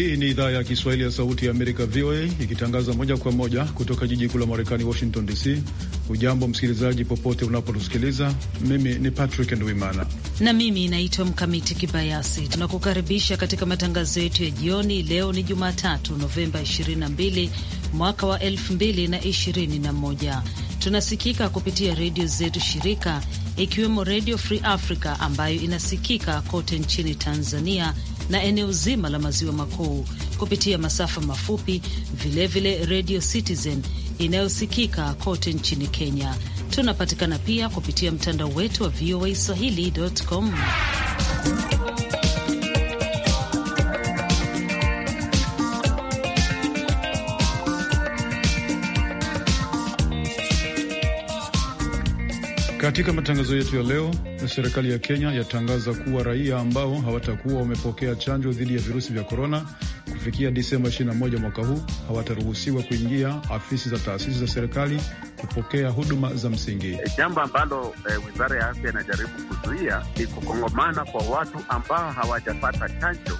Hii ni idhaa ya Kiswahili ya Sauti ya Amerika, VOA, ikitangaza moja kwa moja kutoka jiji kuu la Marekani, Washington DC. Ujambo msikilizaji, popote unapotusikiliza. Mimi ni Patrick Ndwimana na mimi naitwa Mkamiti Kibayasi. Tunakukaribisha katika matangazo yetu ya jioni. Leo ni Jumatatu, Novemba 22 mwaka wa 2021. Tunasikika kupitia redio zetu shirika, ikiwemo Redio Free Africa ambayo inasikika kote nchini Tanzania na eneo zima la maziwa makuu kupitia masafa mafupi, vilevile Radio Citizen inayosikika kote nchini Kenya. Tunapatikana pia kupitia mtandao wetu wa VOA Swahili.com. Katika matangazo yetu ya leo, Serikali ya Kenya yatangaza kuwa raia ambao hawatakuwa wamepokea chanjo dhidi ya virusi vya korona kufikia Disemba 21 mwaka huu hawataruhusiwa kuingia afisi za taasisi za serikali kupokea huduma za msingi. Eh, jambo ambalo eh, wizara eh, ya afya inajaribu kuzuia ni kukongomana kwa watu ambao hawajapata chanjo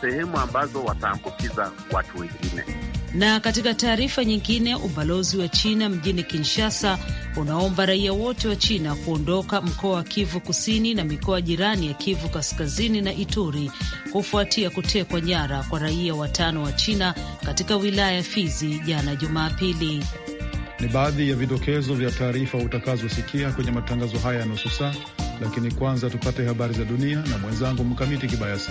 sehemu ambazo wataambukiza watu wengine. Na katika taarifa nyingine, ubalozi wa China mjini Kinshasa unaomba raia wote wa China kuondoka mkoa wa Kivu Kusini na mikoa jirani ya Kivu Kaskazini na Ituri kufuatia kutekwa nyara kwa raia watano wa China katika wilaya ya Fizi jana Jumapili. Ni baadhi ya vidokezo vya taarifa utakazosikia kwenye matangazo haya ya nusu saa, lakini kwanza tupate habari za dunia na mwenzangu Mkamiti Kibayasi.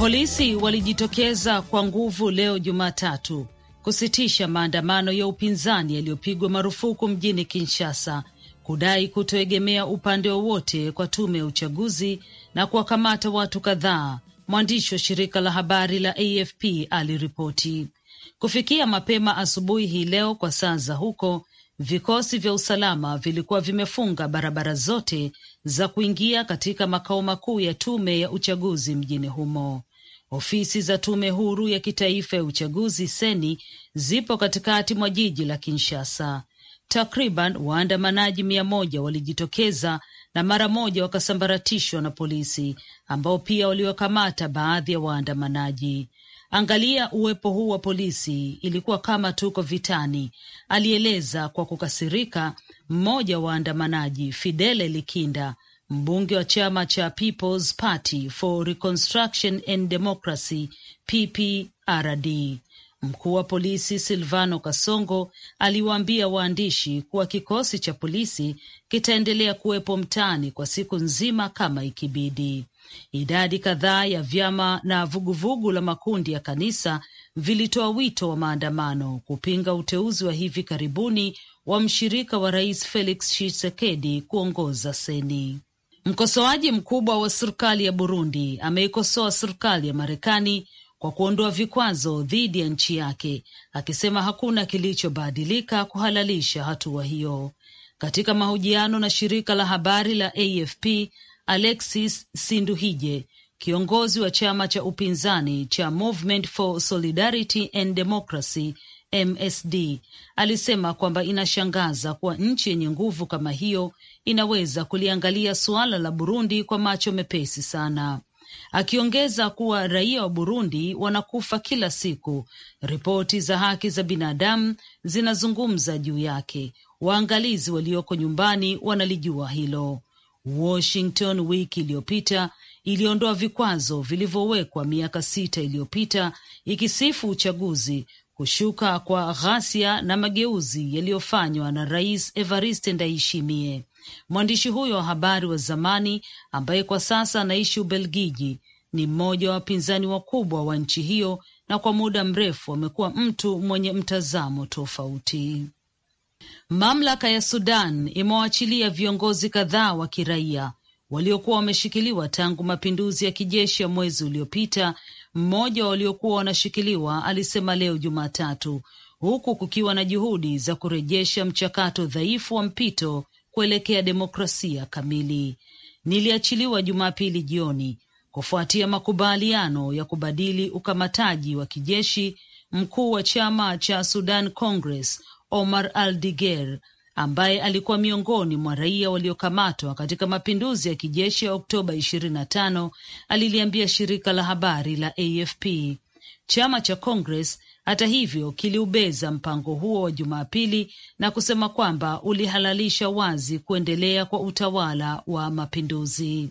Polisi walijitokeza kwa nguvu leo Jumatatu kusitisha maandamano ya upinzani yaliyopigwa marufuku mjini Kinshasa kudai kutoegemea upande wowote kwa tume ya uchaguzi na kuwakamata watu kadhaa. Mwandishi wa shirika la habari la AFP aliripoti. Kufikia mapema asubuhi hii leo kwa saa za huko, vikosi vya usalama vilikuwa vimefunga barabara zote za kuingia katika makao makuu ya tume ya uchaguzi mjini humo. Ofisi za tume huru ya kitaifa ya uchaguzi seni zipo katikati mwa jiji la Kinshasa. Takriban waandamanaji mia moja walijitokeza na mara moja wakasambaratishwa na polisi ambao pia waliwakamata baadhi ya waandamanaji. Angalia uwepo huu wa polisi, ilikuwa kama tuko vitani, alieleza kwa kukasirika mmoja wa waandamanaji, Fidele Likinda Mbunge wa chama cha Peoples Party for Reconstruction and Democracy PPRD Mkuu wa polisi Silvano Kasongo aliwaambia waandishi kuwa kikosi cha polisi kitaendelea kuwepo mtaani kwa siku nzima kama ikibidi. Idadi kadhaa ya vyama na vuguvugu la makundi ya kanisa vilitoa wito wa maandamano kupinga uteuzi wa hivi karibuni wa mshirika wa rais Felix Tshisekedi kuongoza Seni. Mkosoaji mkubwa wa serikali ya Burundi ameikosoa serikali ya Marekani kwa kuondoa vikwazo dhidi ya nchi yake, akisema hakuna kilichobadilika kuhalalisha hatua hiyo. Katika mahojiano na shirika la habari la AFP, Alexis Sinduhije, kiongozi wa chama cha upinzani cha Movement for Solidarity and Democracy MSD alisema kwamba inashangaza kuwa nchi yenye nguvu kama hiyo inaweza kuliangalia suala la Burundi kwa macho mepesi sana, akiongeza kuwa raia wa Burundi wanakufa kila siku. Ripoti za haki za binadamu zinazungumza juu yake, waangalizi walioko nyumbani wanalijua hilo. Washington wiki iliyopita iliondoa vikwazo vilivyowekwa miaka sita iliyopita ikisifu uchaguzi kushuka kwa ghasia na mageuzi yaliyofanywa na Rais Evariste Ndayishimiye. Mwandishi huyo wa habari wa zamani ambaye kwa sasa anaishi Ubelgiji ni mmoja wa wapinzani wakubwa wa nchi hiyo na kwa muda mrefu amekuwa mtu mwenye mtazamo tofauti. Mamlaka ya Sudan imewaachilia viongozi kadhaa wa kiraia waliokuwa wameshikiliwa tangu mapinduzi ya kijeshi ya mwezi uliopita. Mmoja waliokuwa wanashikiliwa alisema leo Jumatatu, huku kukiwa na juhudi za kurejesha mchakato dhaifu wa mpito kuelekea demokrasia kamili. Niliachiliwa Jumapili jioni kufuatia makubaliano ya kubadili ukamataji wa kijeshi. Mkuu wa chama cha Sudan Congress Omar Al Diger ambaye alikuwa miongoni mwa raia waliokamatwa katika mapinduzi ya kijeshi ya Oktoba 25 aliliambia shirika la habari la AFP. Chama cha Congress hata hivyo kiliubeza mpango huo wa Jumapili na kusema kwamba ulihalalisha wazi kuendelea kwa utawala wa mapinduzi.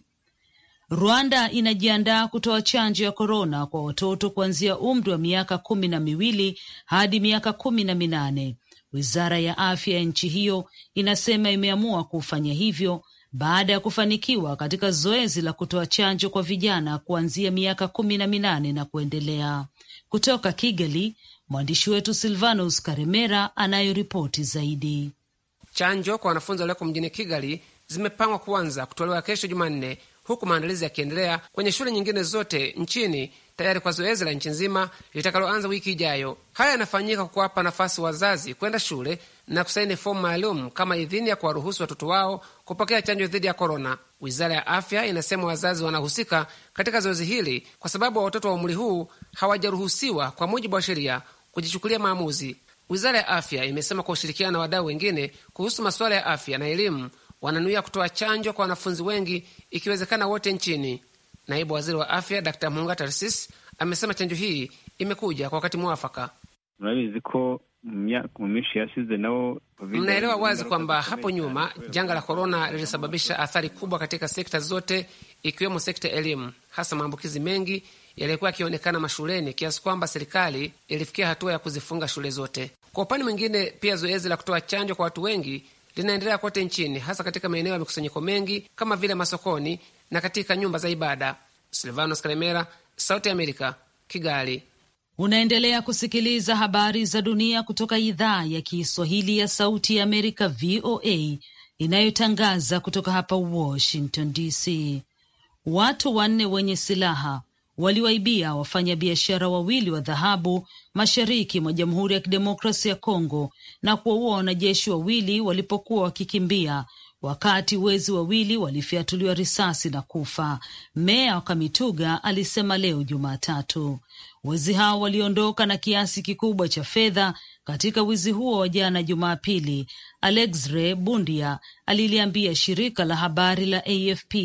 Rwanda inajiandaa kutoa chanjo ya korona kwa watoto kuanzia umri wa miaka kumi na miwili hadi miaka kumi na minane Wizara ya afya ya nchi hiyo inasema imeamua kufanya hivyo baada ya kufanikiwa katika zoezi la kutoa chanjo kwa vijana kuanzia miaka kumi na minane na kuendelea. Kutoka Kigali, mwandishi wetu Silvanus Karemera anayoripoti zaidi. Chanjo kwa wanafunzi walioko mjini Kigali zimepangwa kuanza kutolewa kesho Jumanne huku maandalizi yakiendelea kwenye shule nyingine zote nchini tayari kwa zoezi la nchi nzima litakaloanza wiki ijayo. Haya yanafanyika kwa kuwapa nafasi wazazi kwenda shule na kusaini fomu maalum kama idhini ya kuwaruhusu watoto wao kupokea chanjo dhidi ya korona. Wizara ya Afya inasema wazazi wanahusika katika zoezi hili kwa sababu watoto wa umri huu hawajaruhusiwa kwa mujibu wa sheria kujichukulia maamuzi. Wizara ya Afya imesema kwa ushirikiano na wadau wengine kuhusu masuala ya afya na elimu wananuia kutoa chanjo kwa wanafunzi wengi ikiwezekana wote nchini. Naibu waziri wa afya dr Munga Tarsis amesema chanjo hii imekuja kwa wakati mwafaka. Mnaelewa wazi kwamba hapo nyuma janga la korona lilisababisha athari kubwa katika sekta zote, ikiwemo sekta ya elimu, hasa maambukizi mengi yaliyokuwa yakionekana mashuleni kiasi kwamba serikali ilifikia hatua ya kuzifunga shule zote. Kwa upande mwingine, pia zoezi la kutoa chanjo kwa watu wengi linaendelea kote nchini, hasa katika maeneo ya mikusanyiko mengi kama vile masokoni na katika nyumba za ibada. Silvanos Kalemera, Sauti ya Amerika, Kigali. Unaendelea kusikiliza habari za dunia kutoka idhaa ya Kiswahili ya Sauti ya Amerika, VOA, inayotangaza kutoka hapa Washington DC. Watu wanne wenye silaha waliwaibia wafanyabiashara wawili wa dhahabu mashariki mwa Jamhuri ya Kidemokrasi ya Kongo na kuwaua wanajeshi wawili walipokuwa wakikimbia wakati wezi wawili walifyatuliwa risasi na kufa. Meya wa Kamituga alisema leo Jumatatu wezi hao waliondoka na kiasi kikubwa cha fedha katika wizi huo wa jana Jumapili. Alexre Bundia aliliambia shirika la habari la AFP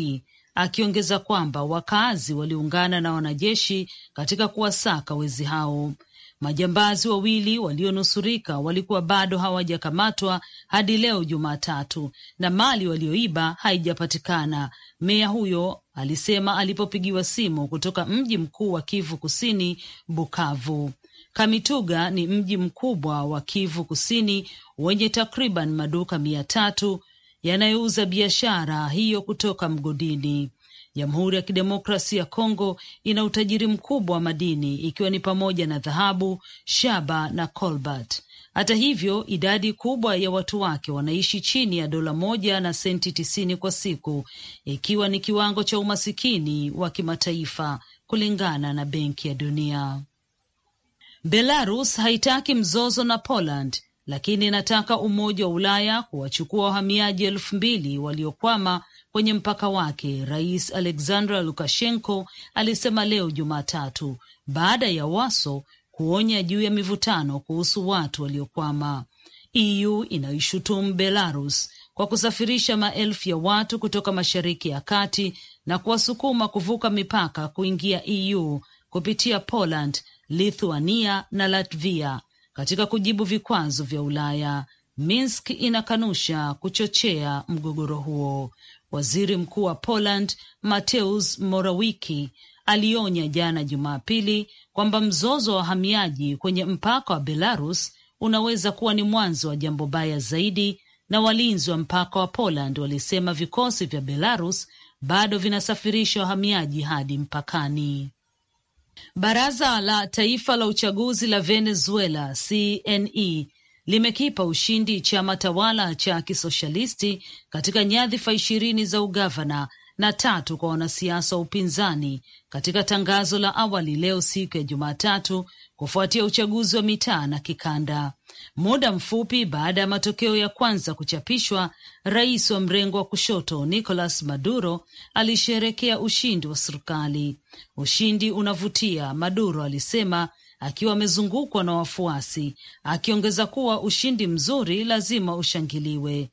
akiongeza kwamba wakaazi waliungana na wanajeshi katika kuwasaka wezi hao. Majambazi wawili walionusurika walikuwa bado hawajakamatwa hadi leo Jumatatu, na mali walioiba haijapatikana, meya huyo alisema alipopigiwa simu kutoka mji mkuu wa Kivu Kusini, Bukavu. Kamituga ni mji mkubwa wa Kivu Kusini wenye takriban maduka mia tatu yanayouza biashara hiyo kutoka mgodini. Jamhuri ya Kidemokrasi ya Kongo ina utajiri mkubwa wa madini ikiwa ni pamoja na dhahabu, shaba na cobalt. Hata hivyo, idadi kubwa ya watu wake wanaishi chini ya dola moja na senti tisini kwa siku, ikiwa ni kiwango cha umasikini wa kimataifa kulingana na Benki ya Dunia. Belarus haitaki mzozo na Poland lakini inataka Umoja wa Ulaya kuwachukua wahamiaji elfu mbili waliokwama kwenye mpaka wake. Rais Alexandra Lukashenko alisema leo Jumatatu baada ya Waso kuonya juu ya mivutano kuhusu watu waliokwama. EU inaishutumu Belarus kwa kusafirisha maelfu ya watu kutoka Mashariki ya Kati na kuwasukuma kuvuka mipaka kuingia EU kupitia Poland, Lithuania na Latvia katika kujibu vikwazo vya Ulaya. Minsk inakanusha kuchochea mgogoro huo. Waziri Mkuu wa Poland Mateusz Morawiecki alionya jana Jumapili kwamba mzozo wa wahamiaji kwenye mpaka wa Belarus unaweza kuwa ni mwanzo wa jambo baya zaidi, na walinzi wa mpaka wa Poland walisema vikosi vya Belarus bado vinasafirisha wahamiaji hadi mpakani. Baraza la Taifa la Uchaguzi la Venezuela CNE limekipa ushindi chama tawala cha kisoshalisti katika nyadhifa ishirini za ugavana na tatu kwa wanasiasa wa upinzani katika tangazo la awali leo siku ya Jumatatu kufuatia uchaguzi wa mitaa na kikanda. Muda mfupi baada ya matokeo ya kwanza kuchapishwa, rais wa mrengo wa kushoto Nicolas Maduro alisherekea ushindi wa serikali. Ushindi unavutia, Maduro alisema akiwa amezungukwa na wafuasi, akiongeza kuwa ushindi mzuri lazima ushangiliwe.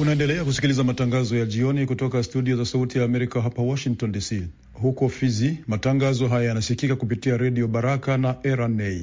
Unaendelea kusikiliza matangazo ya jioni kutoka studio za Sauti ya Amerika hapa Washington DC. Huko Fizi, matangazo haya yanasikika kupitia Redio Baraka na RNA.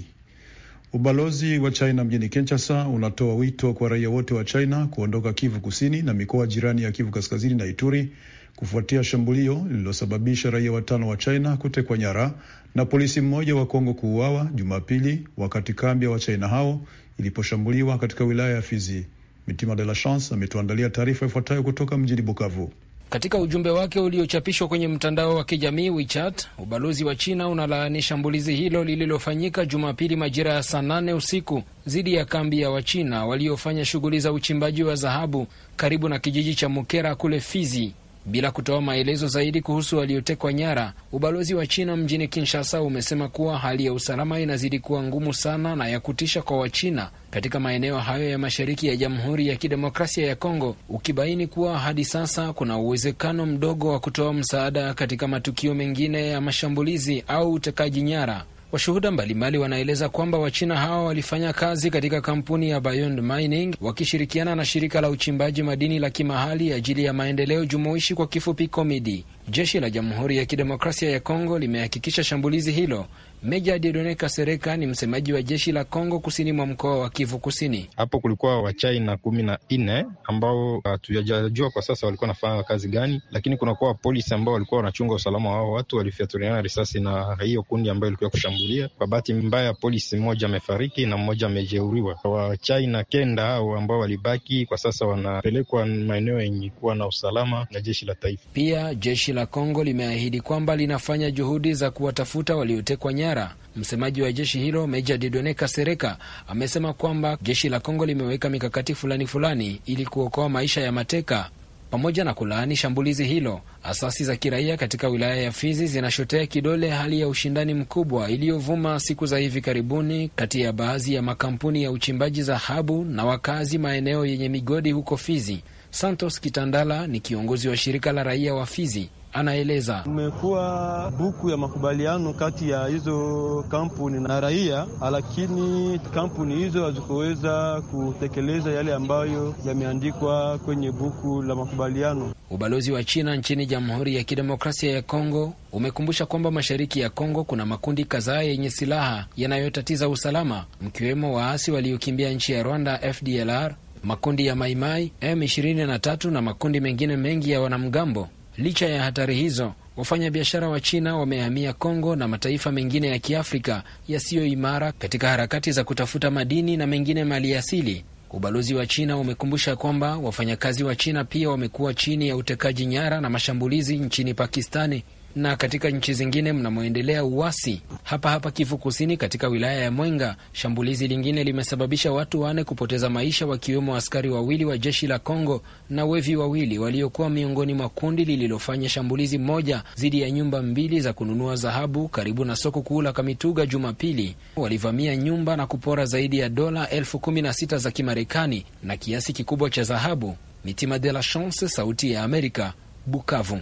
Ubalozi wa China mjini Kinshasa unatoa wito kwa raia wote wa China kuondoka Kivu Kusini na mikoa jirani ya Kivu Kaskazini na Ituri kufuatia shambulio lililosababisha raia watano wa China kutekwa nyara na polisi mmoja wa Kongo kuuawa Jumapili wakati kambi ya Wachina hao iliposhambuliwa katika wilaya ya Fizi. Mitima de la Chance ametuandalia taarifa ifuatayo kutoka mjini Bukavu. Katika ujumbe wake uliochapishwa kwenye mtandao wa kijamii WeChat, ubalozi wa China unalaani shambulizi hilo lililofanyika Jumapili majira ya saa nane usiku dhidi ya kambi ya Wachina waliofanya shughuli za uchimbaji wa dhahabu karibu na kijiji cha Mukera kule Fizi. Bila kutoa maelezo zaidi kuhusu waliotekwa nyara, ubalozi wa China mjini Kinshasa umesema kuwa hali ya usalama inazidi kuwa ngumu sana na ya kutisha kwa Wachina katika maeneo hayo ya mashariki ya Jamhuri ya Kidemokrasia ya Kongo, ukibaini kuwa hadi sasa kuna uwezekano mdogo wa kutoa msaada katika matukio mengine ya mashambulizi au utekaji nyara. Washuhuda mbalimbali wanaeleza kwamba Wachina hawa walifanya kazi katika kampuni ya Beyond Mining wakishirikiana na shirika la uchimbaji madini la kimahali ajili ya maendeleo jumuishi, kwa kifupi COMIDI. Jeshi la Jamhuri ya Kidemokrasia ya Kongo limehakikisha shambulizi hilo Meja Dieudonne Kasereka ni msemaji wa jeshi la Kongo kusini mwa mkoa wa Kivu Kusini. Hapo kulikuwa china kumi na nne ambao uh, hatujajua kwa sasa walikuwa wanafanya kazi gani, lakini kunakuwa polisi ambao walikuwa wanachunga usalama wao. Watu walifyatuliana risasi na hiyo kundi ambayo ilikuwa kushambulia. Kwa bahati mbaya, polisi mmoja amefariki na mmoja amejeuriwa. wachaina kenda hao ambao walibaki kwa sasa wanapelekwa maeneo yenye kuwa na usalama na jeshi la taifa. Pia jeshi la Kongo limeahidi kwamba linafanya juhudi za kuwatafuta waliotekwa nyara biashara. Msemaji wa jeshi hilo Meja Didone Kasereka amesema kwamba jeshi la Kongo limeweka mikakati fulani fulani ili kuokoa maisha ya mateka pamoja na kulaani shambulizi hilo. Asasi za kiraia katika wilaya ya Fizi zinashotea kidole hali ya ushindani mkubwa iliyovuma siku za hivi karibuni kati ya baadhi ya makampuni ya uchimbaji dhahabu na wakazi maeneo yenye migodi huko Fizi. Santos Kitandala ni kiongozi wa shirika la raia wa Fizi anaeleza. Kumekuwa buku ya makubaliano kati ya hizo kampuni na raia, lakini kampuni hizo hazikuweza kutekeleza yale ambayo yameandikwa kwenye buku la makubaliano. Ubalozi wa China nchini Jamhuri ya Kidemokrasia ya Kongo umekumbusha kwamba mashariki ya Kongo kuna makundi kadhaa yenye silaha yanayotatiza usalama, mkiwemo waasi waliokimbia nchi ya Rwanda FDLR, makundi ya Maimai M23 na makundi mengine mengi ya wanamgambo Licha ya hatari hizo, wafanyabiashara wa China wamehamia Kongo na mataifa mengine ya Kiafrika yasiyo imara katika harakati za kutafuta madini na mengine maliasili. Ubalozi wa China umekumbusha kwamba wafanyakazi wa China pia wamekuwa chini ya utekaji nyara na mashambulizi nchini Pakistani na katika nchi zingine mnamoendelea uwasi hapa hapa Kivu Kusini, katika wilaya ya Mwenga, shambulizi lingine limesababisha watu wane kupoteza maisha, wakiwemo askari wawili wa jeshi la Kongo na wevi wawili waliokuwa miongoni mwa kundi lililofanya shambulizi moja dhidi ya nyumba mbili za kununua dhahabu karibu na soko kuu la Kamituga Jumapili. Walivamia nyumba na kupora zaidi ya dola elfu kumi na sita za Kimarekani na kiasi kikubwa cha dhahabu. Mitima de la Chance, Sauti ya Amerika, Bukavu.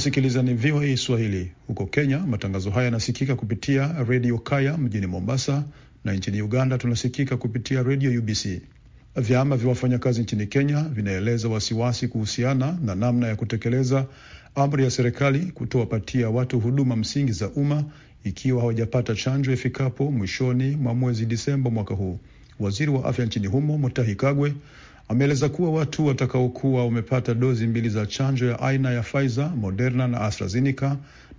Unasikiliza ni VOA Swahili. Huko Kenya, matangazo haya yanasikika kupitia redio Kaya mjini Mombasa, na nchini Uganda tunasikika kupitia redio UBC. Vyama vya wafanyakazi nchini Kenya vinaeleza wasiwasi kuhusiana na namna ya kutekeleza amri ya serikali kutowapatia watu huduma msingi za umma ikiwa hawajapata chanjo ifikapo mwishoni mwa mwezi Disemba mwaka huu. Waziri wa afya nchini humo Mutahi Kagwe Ameeleza kuwa watu watakaokuwa wamepata dozi mbili za chanjo ya aina ya Pfizer, Moderna na AstraZeneca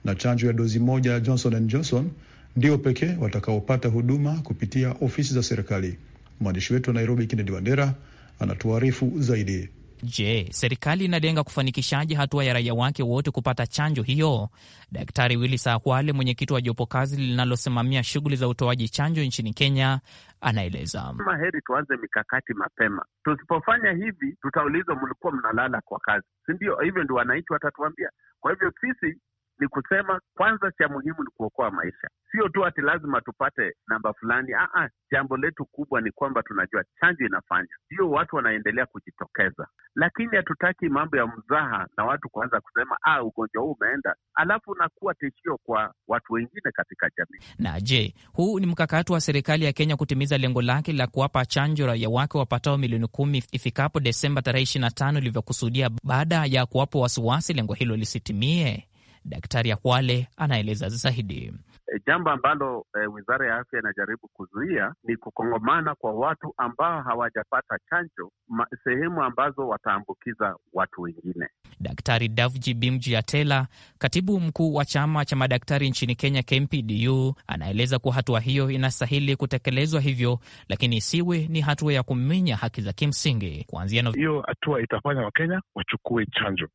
na chanjo ya dozi moja ya Johnson and Johnson ndio pekee watakaopata huduma kupitia ofisi za serikali. Mwandishi wetu wa Nairobi, Kennedy Wandera, anatuarifu zaidi. Je, serikali inalenga kufanikishaje hatua ya raia wake wote kupata chanjo hiyo? Daktari willi sahwale mwenyekiti wa jopo kazi linalosimamia shughuli za utoaji chanjo nchini Kenya, anaeleza. Ma heri tuanze mikakati mapema. Tusipofanya hivi, tutaulizwa mlikuwa mnalala kwa kazi, si ndio? Hivyo ndio wananchi watatuambia. Kwa hivyo sisi ni kusema kwanza, cha muhimu ni kuokoa maisha, sio tu ati lazima tupate namba fulani. Ah, ah, jambo letu kubwa ni kwamba tunajua chanjo inafanya, ndio watu wanaendelea kujitokeza, lakini hatutaki mambo ya mzaha na watu kuanza kusema ah, ugonjwa huu umeenda, alafu unakuwa tishio kwa watu wengine katika jamii. Na je, huu ni mkakati wa serikali ya Kenya kutimiza lengo lake la kuwapa chanjo raia wake wapatao milioni kumi ifikapo Desemba tarehe ishirini na tano ilivyokusudia, baada ya kuwapo wasiwasi lengo hilo lisitimie? Daktari Akwale anaeleza zaidi. Eh, jambo ambalo e, wizara ya afya inajaribu kuzuia ni kukongomana kwa watu ambao hawajapata chanjo ma, sehemu ambazo wataambukiza watu wengine. Daktari Davji Bimji Atela, katibu mkuu wa chama cha madaktari nchini Kenya, KMPDU, anaeleza kuwa hatua hiyo inastahili kutekelezwa hivyo, lakini isiwe ni hatua ya kuminya haki za kimsingi kuanzia hiyo. Hatua itafanya Wakenya wachukue chanjo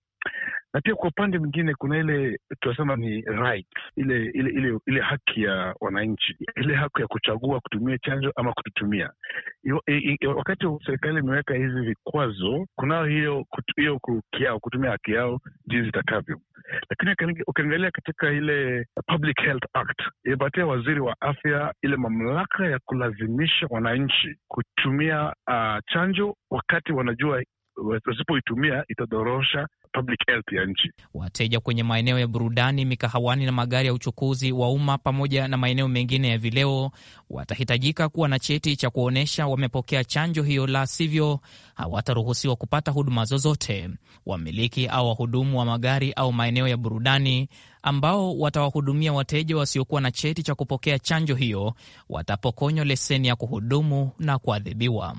na pia kwa upande mwingine kuna ile tunasema ni right, ile ile ile ile haki ya wananchi, ile haki ya kuchagua kutumia chanjo ama kututumia. Wakati serikali imeweka hizi vikwazo, kunao hiyo hiyo kiao kutumia haki yao jinsi itakavyo, lakini ukiangalia katika ile Public Health Act waziri wa afya ile mamlaka ya kulazimisha wananchi kutumia uh, chanjo wakati wanajua wasipoitumia itadorosha public health ya nchi. Wateja kwenye maeneo ya burudani, mikahawani na magari ya uchukuzi wa umma pamoja na maeneo mengine ya vileo watahitajika kuwa na cheti cha kuonyesha wamepokea chanjo hiyo, la sivyo hawataruhusiwa kupata huduma zozote. Wamiliki au wahudumu wa magari au maeneo ya burudani ambao watawahudumia wateja wasiokuwa na cheti cha kupokea chanjo hiyo watapokonywa leseni ya kuhudumu na kuadhibiwa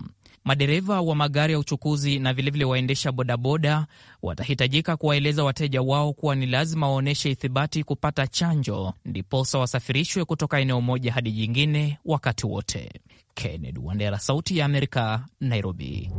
madereva wa magari ya uchukuzi na vilevile waendesha bodaboda watahitajika kuwaeleza wateja wao kuwa ni lazima waonyeshe ithibati kupata chanjo, ndiposa wasafirishwe kutoka eneo moja hadi jingine wakati wote. Kennedy Wandera, Sauti ya Amerika, Nairobi.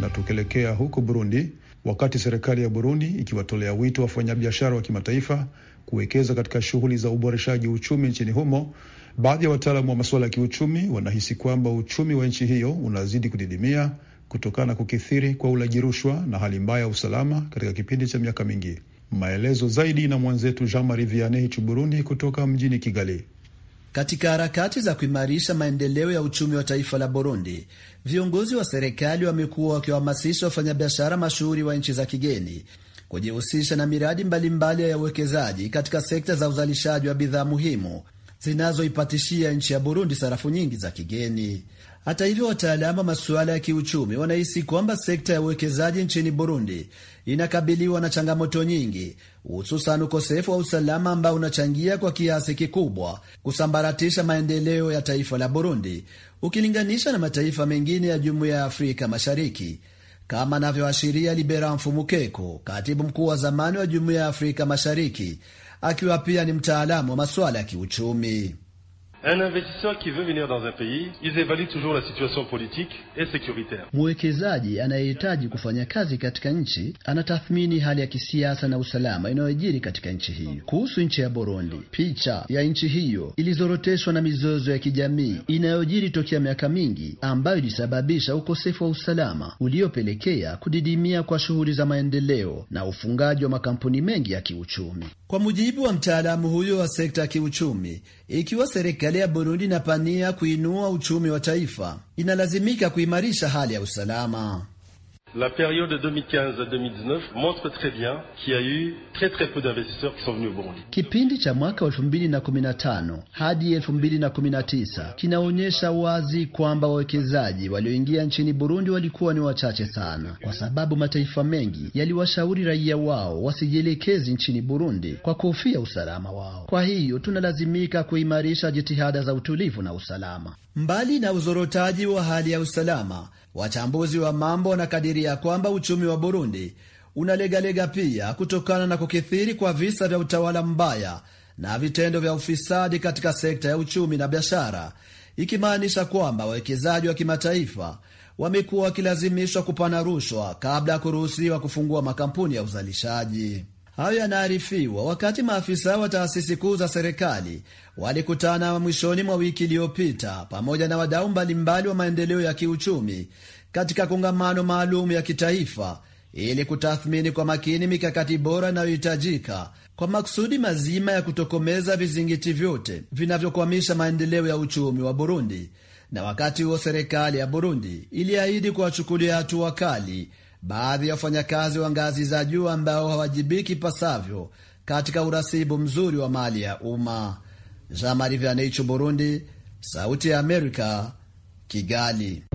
Na tukielekea huko Burundi, wakati serikali ya Burundi ikiwatolea wito wafanyabiashara wa kimataifa kuwekeza katika shughuli za uboreshaji uchumi nchini humo. Baadhi ya wataalamu wa masuala ya kiuchumi wanahisi kwamba uchumi wa nchi hiyo unazidi kudidimia kutokana na kukithiri kwa ulaji rushwa na hali mbaya ya usalama katika kipindi cha miaka mingi. Maelezo zaidi na mwenzetu Jean Marie Vianney Burundi, kutoka mjini Kigali. Katika harakati za kuimarisha maendeleo ya uchumi wa taifa la Burundi, viongozi wa serikali wamekuwa wakiwahamasisha wafanyabiashara mashuhuri wa nchi za kigeni kujihusisha na miradi mbalimbali mbali ya uwekezaji katika sekta za uzalishaji wa bidhaa muhimu zinazoipatishia nchi ya Burundi sarafu nyingi za kigeni. Hata hivyo, wataalamu wa masuala ya kiuchumi wanahisi kwamba sekta ya uwekezaji nchini Burundi inakabiliwa na changamoto nyingi, hususan ukosefu wa usalama ambao unachangia kwa kiasi kikubwa kusambaratisha maendeleo ya taifa la Burundi ukilinganisha na mataifa mengine ya Jumuiya ya Afrika Mashariki kama anavyoashiria Libera Mfumukeko, katibu mkuu wa zamani wa Jumuiya ya Afrika Mashariki, akiwa pia ni mtaalamu wa masuala ya kiuchumi. Un investisseur qui veut venir dans un pays, ils évaluent toujours la situation politique et sécuritaire. Mwekezaji anayehitaji kufanya kazi katika nchi anatathmini hali ya kisiasa na usalama inayojiri katika nchi hiyo. Kuhusu nchi ya Burundi, picha ya nchi hiyo ilizoroteshwa na mizozo ya kijamii inayojiri tokea miaka mingi ambayo ilisababisha ukosefu wa usalama uliopelekea kudidimia kwa shughuli za maendeleo na ufungaji wa makampuni mengi ya kiuchumi. Kwa mujibu wa mtaalamu huyo wa sekta ya kiuchumi, ikiwa serikali serikali ya Burundi pania kuinua uchumi wa taifa, inalazimika kuimarisha hali ya usalama. La période 2015 à 2019 montre très bien qu'il y a eu très très peu d'investisseurs qui sont venus au Burundi. Kipindi cha mwaka 2015 hadi 2019 kinaonyesha wazi kwamba wawekezaji walioingia nchini Burundi walikuwa ni wachache sana, kwa sababu mataifa mengi yaliwashauri raia wao wasijielekezi nchini Burundi kwa kuhofia usalama wao. Kwa hiyo tunalazimika kuimarisha jitihada za utulivu na usalama. Mbali na uzorotaji wa hali ya usalama, wachambuzi wa mambo wanakadiria ya kwamba uchumi wa Burundi unalegalega pia kutokana na kukithiri kwa visa vya utawala mbaya na vitendo vya ufisadi katika sekta ya uchumi na biashara, ikimaanisha kwamba wawekezaji wa kimataifa wamekuwa wakilazimishwa kupana rushwa kabla ya kuruhusiwa kufungua makampuni ya uzalishaji. Hayo yanaarifiwa wakati maafisa wa taasisi kuu za serikali walikutana mwishoni mwa wiki iliyopita pamoja na wadau mbalimbali wa maendeleo ya kiuchumi katika kongamano maalum ya kitaifa ili kutathmini kwa makini mikakati bora inayohitajika kwa makusudi mazima ya kutokomeza vizingiti vyote vinavyokwamisha maendeleo ya uchumi wa Burundi. Na wakati huo serikali ya Burundi iliahidi kuwachukulia hatua kali baadhi ya wafanyakazi wa ngazi za juu ambao hawajibiki pasavyo katika urasibu mzuri wa mali ya umma. Jean Marie Vianney, Burundi, Sauti ya Amerika, Kigali.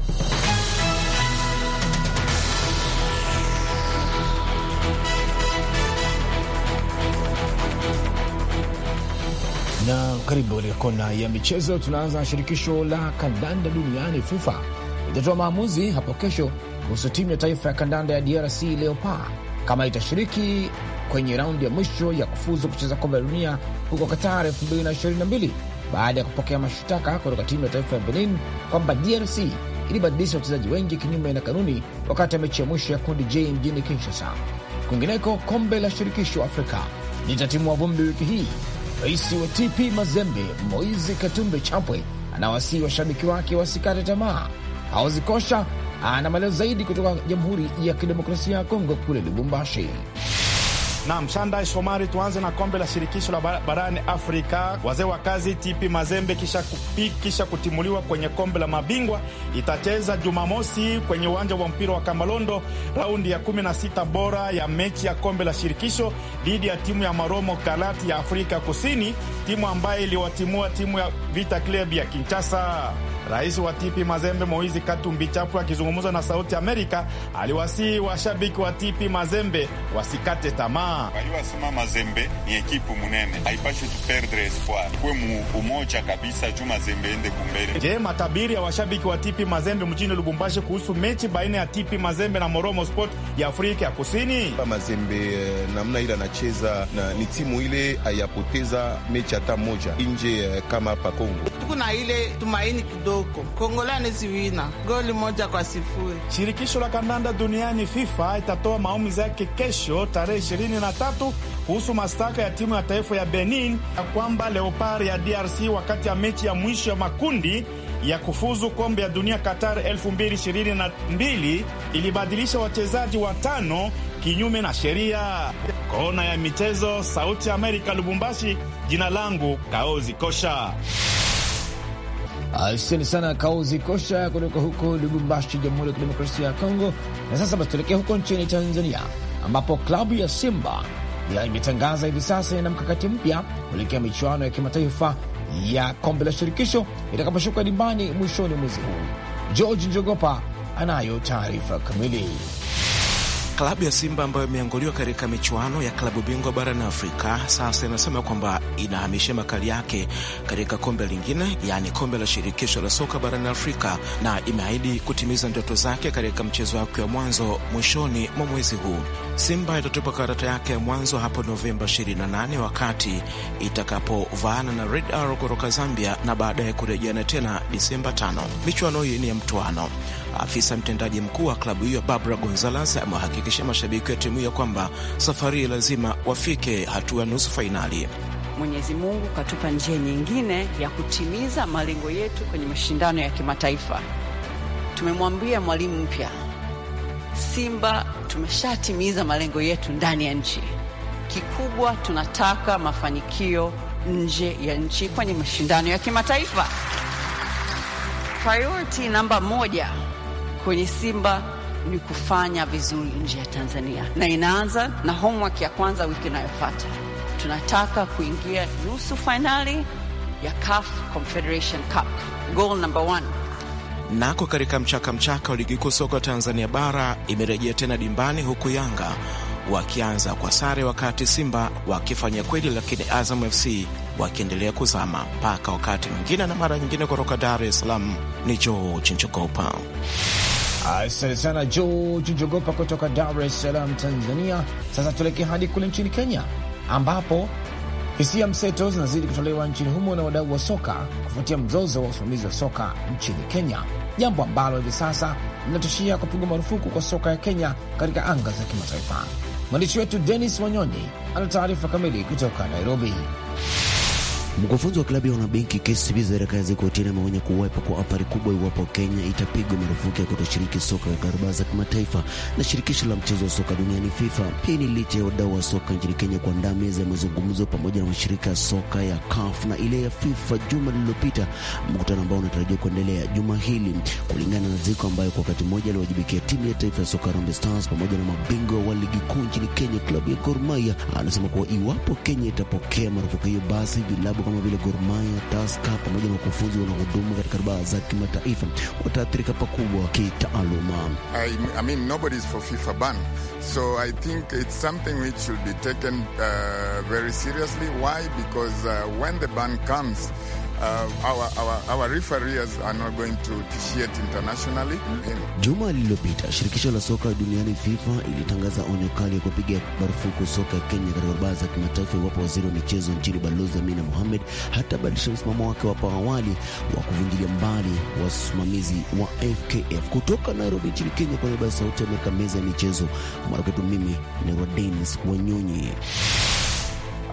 karibu katika kona ya michezo. Tunaanza na shirikisho la kandanda duniani FIFA itatoa maamuzi hapo kesho kuhusu timu ya taifa ya kandanda ya DRC leopa kama itashiriki kwenye raundi ya mwisho ya kufuzu kucheza kombe la dunia huko Qatar 2022 baada ya kupokea mashtaka kutoka timu ya taifa ya Benin kwamba DRC ilibadilisha wachezaji wengi kinyume na kanuni wakati ya mechi ya mwisho ya kundi J mjini Kinshasa. Kwingineko, kombe la shirikisho Afrika litatimua vumbi wiki hii Rais wa TP Mazembe Moizi Katumbe Chapwe anawasihi washabiki wake wasikate tamaa. Haozi Kosha ana maelezo zaidi kutoka Jamhuri ya Kidemokrasia ya Kongo kule Lubumbashi nam Shandai Shomari, tuanze na kombe la shirikisho la barani Afrika. Wazee wa kazi TP Mazembe kisha, kupi, kisha kutimuliwa kwenye kombe la mabingwa itacheza Jumamosi kwenye uwanja wa mpira wa Kamalondo raundi ya 16 bora ya mechi ya kombe la shirikisho dhidi ya timu ya Maromo Galati ya Afrika Kusini, timu ambayo iliwatimua timu ya Vita Club ya Kinshasa. Rais wa TP Mazembe Moizi Katumbi Chapu akizungumza na Sauti Amerika aliwasihi washabiki wa TP Mazembe wasikate tamaa. Waliwasema Mazembe ni ekipu munene, haipashe tuperdre espoir, kuwe mu umoja kabisa juu Mazembe ende kumbele. Je, matabiri ya washabiki wa TP Mazembe mjini Lubumbashi kuhusu mechi baina ya TP Mazembe na Moromo Sport ya Afrika ya Kusini? Mazembe eh, namna ile anacheza na ni timu ile hayapoteza mechi hata moja nje eh, kama hapa Kongo, tuko na ile tumaini kidogo Morocco. Kongolani ziwina goli moja kwa sifuri. Shirikisho la kandanda duniani FIFA itatoa maamuzi yake kesho tarehe 23 kuhusu mashtaka ya timu ya taifa ya Benin ya kwamba Leopard ya DRC wakati ya mechi ya mwisho ya makundi ya kufuzu kombe ya dunia Qatar 2022 ilibadilisha wachezaji watano kinyume na sheria. Kona ya michezo, Sauti ya Amerika, Lubumbashi. Jina langu Kaozi Kosha. Asante sana Kauzi Kosha kutoka huko Lubumbashi, Jamhuri ya Kidemokrasia ya Kongo. Na sasa basi tuelekee huko nchini Tanzania, ambapo klabu ya Simba imetangaza hivi sasa ina mkakati mpya kuelekea michuano ya kimataifa ya kombe la shirikisho itakaposhuka dimbani mwishoni mwezi huu. George Njogopa anayo taarifa kamili. Klabu ya Simba ambayo imeanguliwa katika michuano ya klabu bingwa barani Afrika sasa inasema kwamba inahamisha makali yake katika kombe lingine, yaani kombe la shirikisho la soka barani Afrika, na imeahidi kutimiza ndoto zake katika mchezo wake wa mwanzo mwishoni mwa mwezi huu. Simba itatupa karata yake ya mwanzo hapo Novemba 28 wakati itakapovaana na Red Arrow kutoka Zambia na baadaye kurejeana tena Disemba 5. Michuano hii ni ya mtoano Afisa mtendaji mkuu wa klabu hiyo Barbara Gonzalez amewahakikishia mashabiki wa timu hiyo kwamba safari hii lazima wafike hatua nusu fainali. Mwenyezi Mungu katupa njia nyingine ya kutimiza malengo yetu kwenye mashindano ya kimataifa. Tumemwambia mwalimu mpya Simba, tumeshatimiza malengo yetu ndani ya nchi. Kikubwa tunataka mafanikio nje ya nchi kwenye mashindano ya kimataifa. Priority namba moja kwenye Simba ni kufanya vizuri nje ya Tanzania, na inaanza na homework ya kwanza wiki inayofuata. Tunataka kuingia nusu fainali ya CAF Confederation Cup. Goal number one. Nako katika mchaka mchaka wa ligi kuu soka Tanzania bara imerejea tena dimbani, huku Yanga wakianza kwa sare, wakati Simba wakifanya kweli, lakini Azam FC wakiendelea kuzama mpaka wakati mwingine na mara nyingine. Kutoka Dar es Salaam ni George Njogopa. Asante sana George Njogopa kutoka Dar es Salaam, Tanzania. Sasa tuelekee hadi kule nchini Kenya ambapo hisia mseto zinazidi kutolewa nchini humo na wadau wa soka kufuatia mzozo wa usimamizi wa soka nchini Kenya, jambo ambalo hivi sasa linatishia kupigwa marufuku kwa soka ya Kenya katika anga za kimataifa. Mwandishi wetu Denis Wanyonyi ana taarifa kamili kutoka Nairobi. Mkufunzi wa klabu ya wanabenki KCB Zerakazi Kotini ameonya kuwepo kwa athari kubwa iwapo Kenya itapigwa marufuku ya kutoshiriki soka ya karabaa za kimataifa na shirikisho la mchezo wa soka duniani FIFA. Hii ni licha ya wadau wa soka nchini Kenya kuandaa meza ya mazungumzo pamoja na mashirika ya soka ya CAF na ile ya FIFA juma lililopita, mkutano ambao unatarajiwa kuendelea juma hili, kulingana na ziko ambayo kwa wakati mmoja aliwajibikia timu ya taifa ya soka Harambee Stars pamoja na mabingwa wa ligi kuu nchini Kenya klabu ya Gor Mahia. Anasema kuwa iwapo Kenya itapokea marufuku hiyo, basi vilabu kama vile Gor Mahia, Tusker pamoja na wakufunzi wanaohudumu katika baa za kimataifa wataathirika pakubwa kitaaluma. I mean, nobody is for FIFA ban. So I think it's something which should be taken uh, very seriously. Why? Because uh, when the ban comes Juma lililopita shirikisho la soka duniani FIFA ilitangaza onyo kali ya kupiga marufuku soka ya Kenya katika baa za kimataifa iwapo waziri wa michezo nchini Balozi Amina Mohamed hatabadilisha msimamo wake wapo awali wa kuvunjilia mbali wasimamizi wa FKF. Kutoka Nairobi nchini Kenya, kwa niaba ya Sauti ya Amerika, meza ya michezo, maraketu, mimi ni Rodenis Wanyonyi.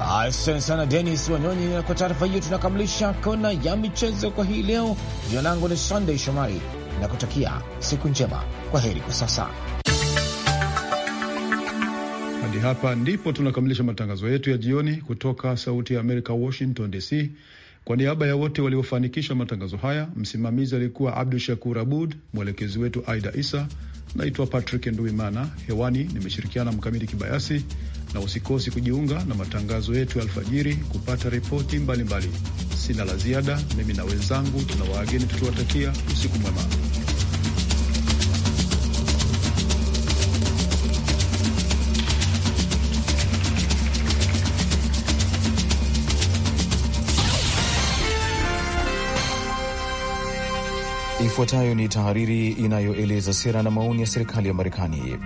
Asante sana Denis Wanyonyi, kwa taarifa hiyo. Tunakamilisha kona ya michezo kwa hii leo. Jina langu ni Sunday Shomari na kutakia siku njema. Kwa heri kwa sasa. Hadi hapa ndipo tunakamilisha matangazo yetu ya jioni kutoka Sauti ya Amerika, Washington DC. Kwa niaba ya wote waliofanikisha matangazo haya, msimamizi alikuwa Abdu Shakur Abud, mwelekezi wetu Aida Isa. Naitwa Patrick Nduimana, hewani nimeshirikiana Mkamiti Kibayasi na usikosi kujiunga na matangazo yetu ya alfajiri kupata ripoti mbalimbali. Sina la ziada, mimi na wenzangu tuna waageni tukiwatakia usiku mwema. Ifuatayo ni tahariri inayoeleza sera na maoni ya serikali ya Marekani.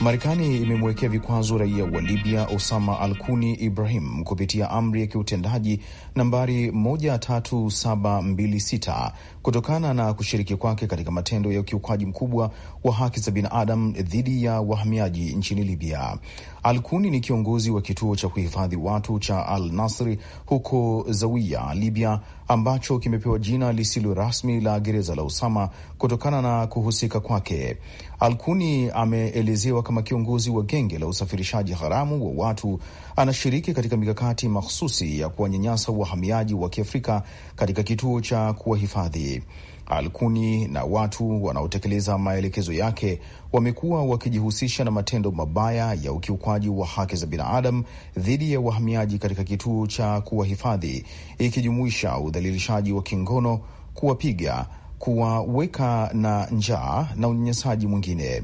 Marekani imemwekea vikwazo raia wa Libya Osama Alkuni Ibrahim kupitia amri ya kiutendaji nambari 13726 kutokana na kushiriki kwake katika matendo ya ukiukaji mkubwa wa haki za binadamu dhidi ya wahamiaji nchini Libya. Alkuni ni kiongozi wa kituo cha kuhifadhi watu cha Al Nasri huko Zawiya, Libya, ambacho kimepewa jina lisilo rasmi la gereza la Usama kutokana na kuhusika kwake. Alkuni ameelezewa kama kiongozi wa genge la usafirishaji haramu wa watu. Anashiriki katika mikakati mahsusi ya kuwanyanyasa wahamiaji wa Kiafrika katika kituo cha kuwahifadhi. Alkuni na watu wanaotekeleza maelekezo yake wamekuwa wakijihusisha na matendo mabaya ya ukiukwaji wa haki za binadamu dhidi ya wahamiaji katika kituo cha kuwahifadhi, ikijumuisha udhalilishaji wa kingono, kuwapiga, kuwaweka na njaa na unyanyasaji mwingine.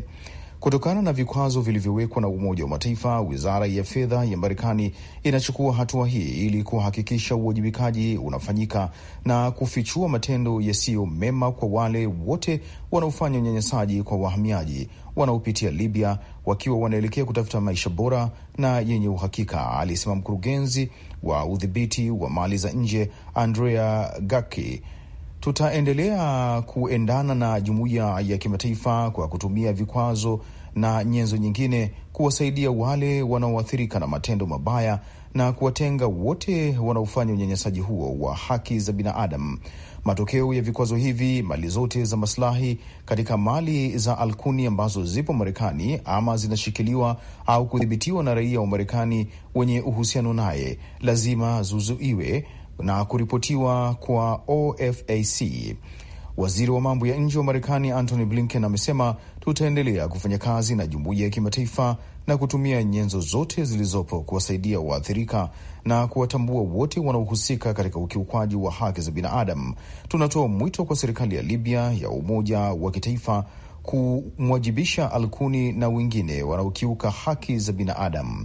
Kutokana na vikwazo vilivyowekwa na Umoja wa Mataifa, wizara ya fedha ya Marekani inachukua hatua hii ili kuhakikisha uwajibikaji unafanyika na kufichua matendo yasiyo mema kwa wale wote wanaofanya unyanyasaji kwa wahamiaji wanaopitia Libya wakiwa wanaelekea kutafuta maisha bora na yenye uhakika, alisema mkurugenzi wa udhibiti wa mali za nje Andrea Gaki Tutaendelea kuendana na jumuiya ya kimataifa kwa kutumia vikwazo na nyenzo nyingine kuwasaidia wale wanaoathirika na matendo mabaya na kuwatenga wote wanaofanya unyanyasaji huo wa haki za binadamu. Matokeo ya vikwazo hivi, mali zote za masilahi katika mali za Alkuni ambazo zipo Marekani ama zinashikiliwa au kudhibitiwa na raia wa Marekani wenye uhusiano naye lazima zuzuiwe na kuripotiwa kwa OFAC. Waziri wa mambo ya nje wa Marekani Antony Blinken amesema tutaendelea kufanya kazi na jumuiya ya kimataifa na kutumia nyenzo zote zilizopo kuwasaidia waathirika na kuwatambua wote wanaohusika katika ukiukwaji wa haki za binadamu. Tunatoa mwito kwa serikali ya Libya ya umoja wa kitaifa kumwajibisha Alkuni na wengine wanaokiuka haki za binadamu.